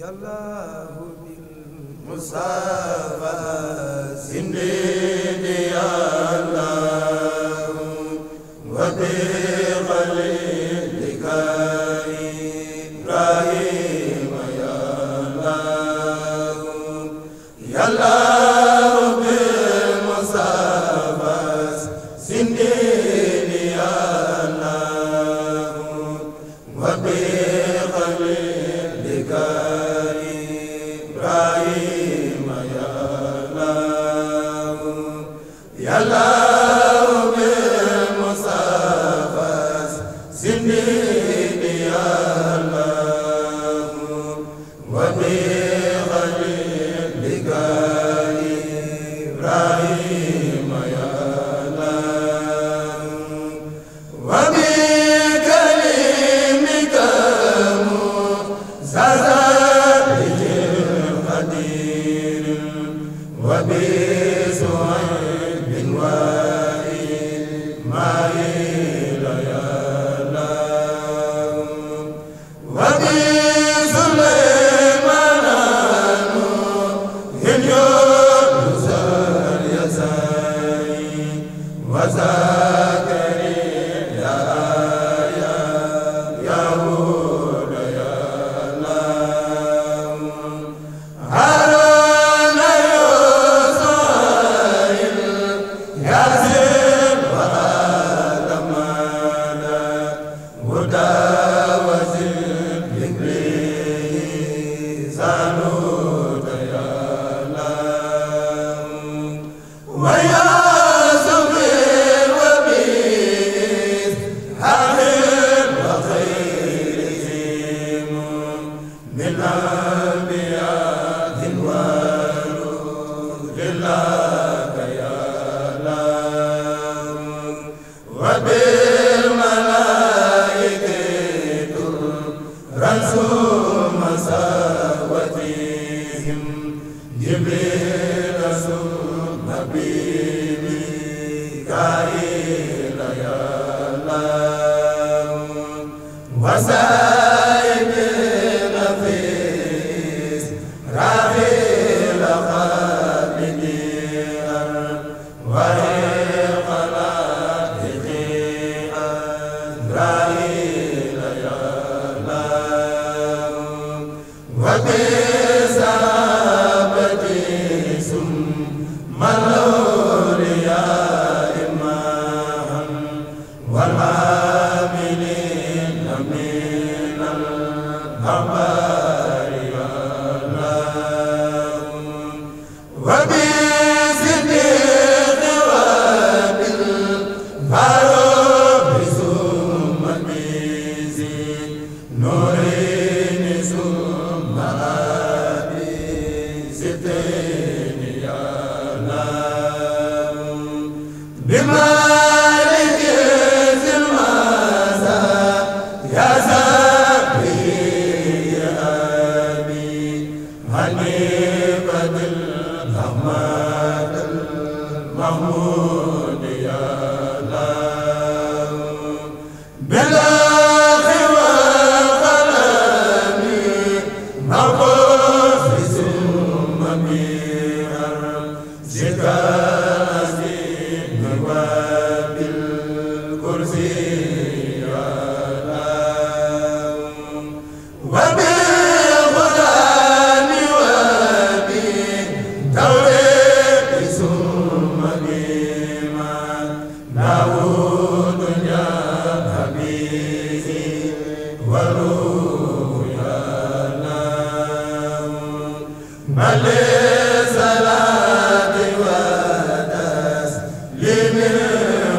yàlla bil musa anta wasil ثم Akbar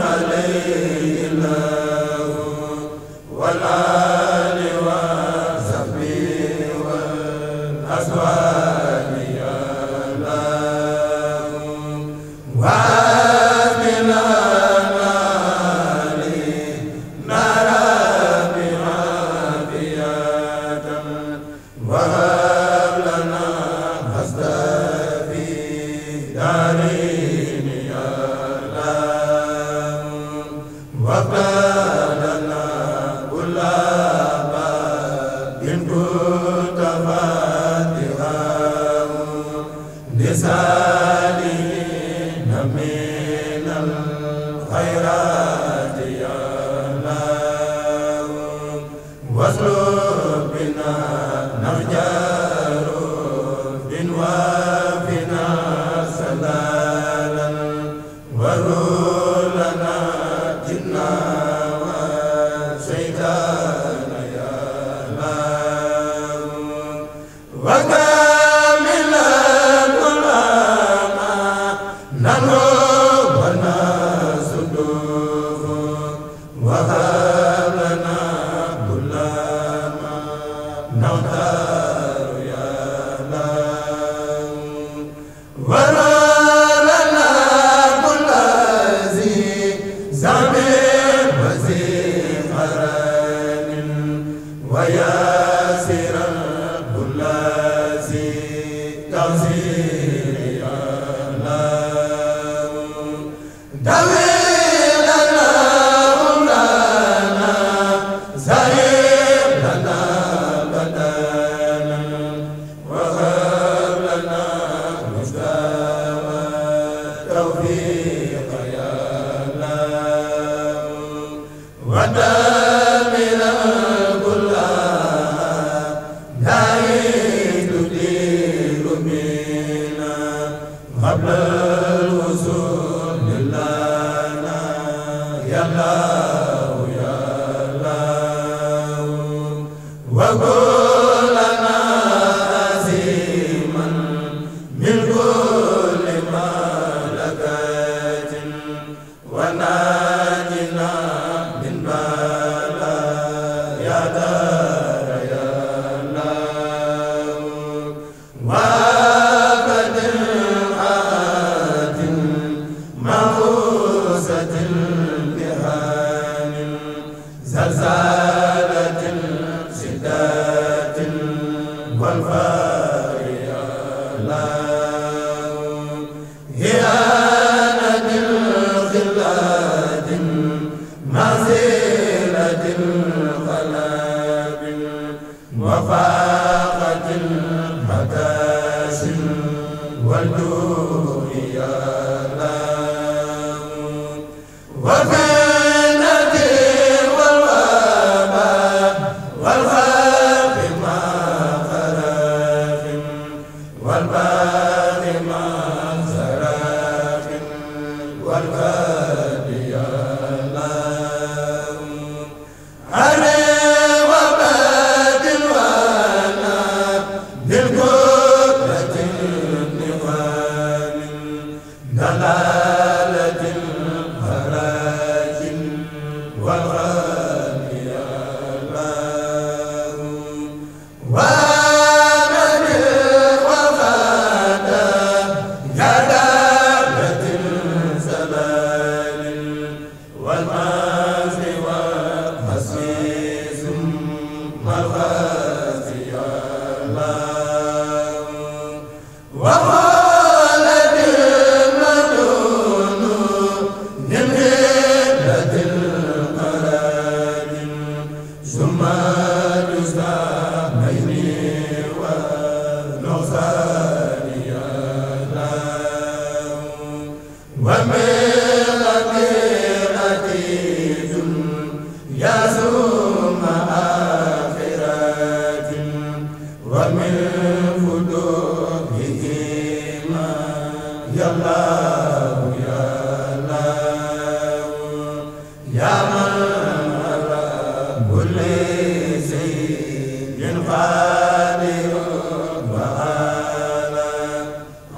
عليه Akbar daa الوصول لنا يا الله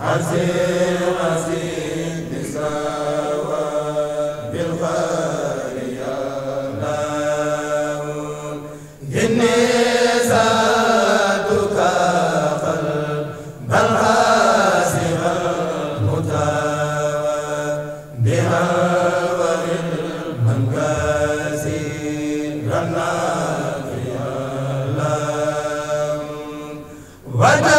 Aziz Aziz ba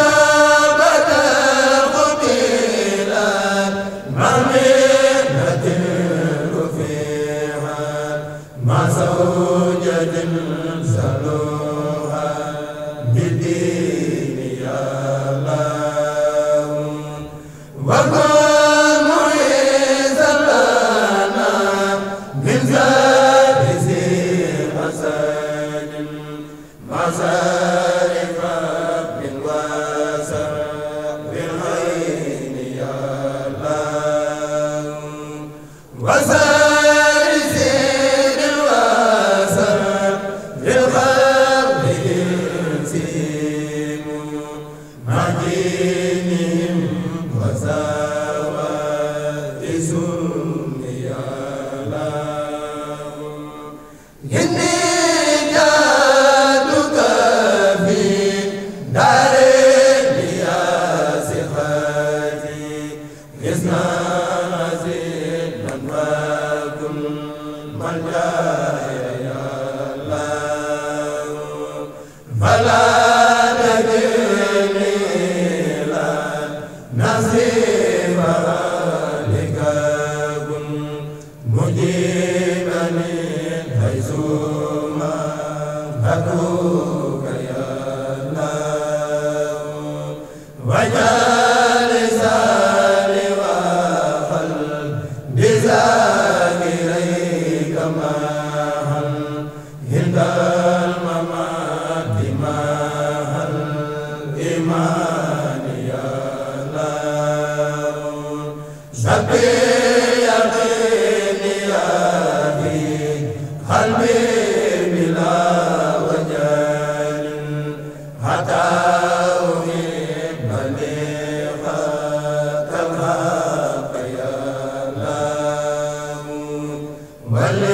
wala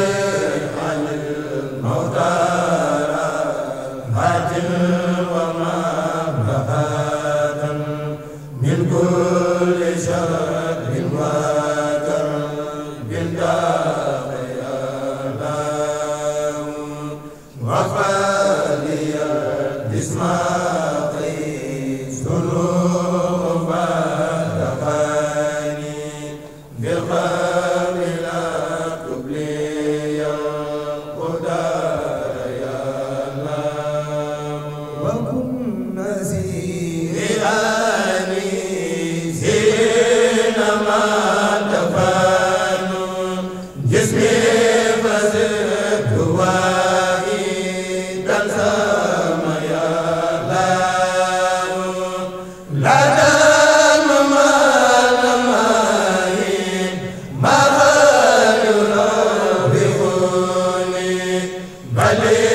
bale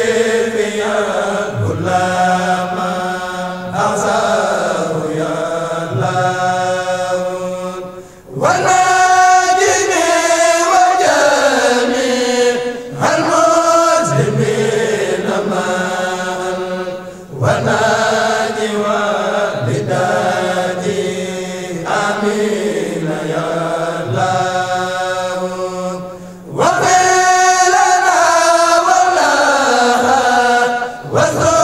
wa